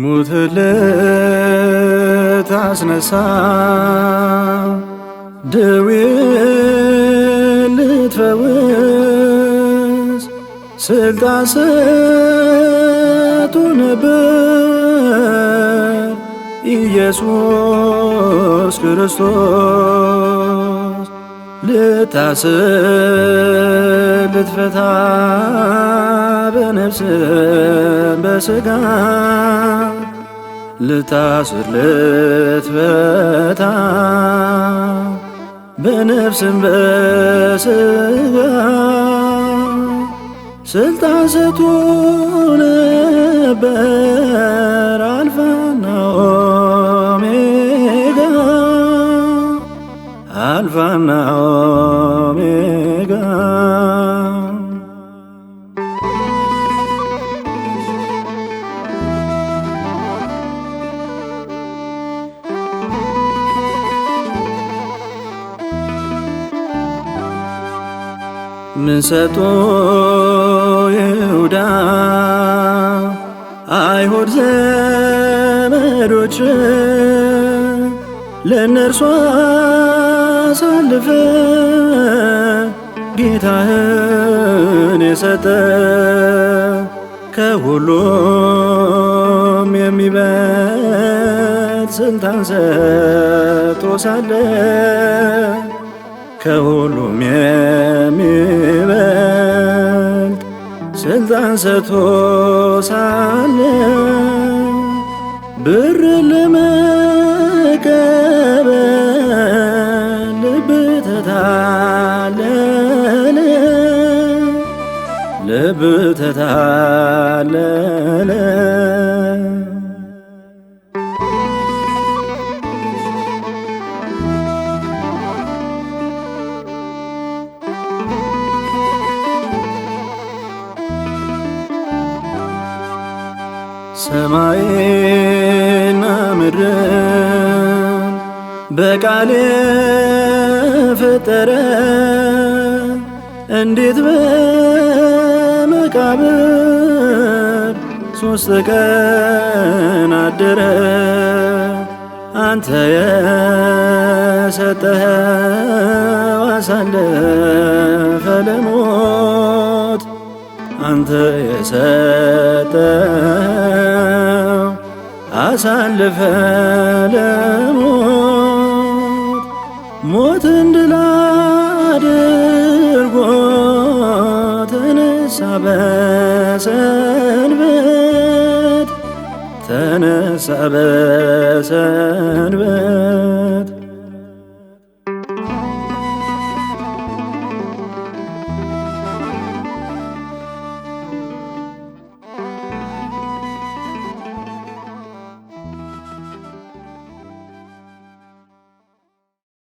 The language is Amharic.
ሙት ልታስነሳ ደዌ ልትፈውስ ስልጣን ሰጥቶ ነበር ኢየሱስ ክርስቶስ ልታስር ልትፈታ በነፍስ በሥጋ ልታስር ልትፈታ በነፍስም በሥጋ ስልጣን ሰጥቶ ነበር አልፋና ኦሜጋ አልፋና ምንሰጦ ይሁዳ አይሁድ ዘመዶች ለእነርሷ አሳልፈ ጌታህን የሰጠ ከሁሉም የሚበት ስልጣን ሰጥቶ ሳለ ከሁሉም የሚበልጥ ስልጣን ሰጥቶ ሳለ ብር ለመቀበል ልብ ተታለለ ልብ ተታለለ ሰማይና ምድርን በቃል ፈጠረ እንዴት በመቃብር ሶስት ቀን አደረ አንተ የሰጠኸው አሳለፈ ለሞት አንተ የሰጠ አሳልፈ ለሞት ሞትን ድል አድርጎ ተነሳ በሰንበት ተነሳ በሰንበት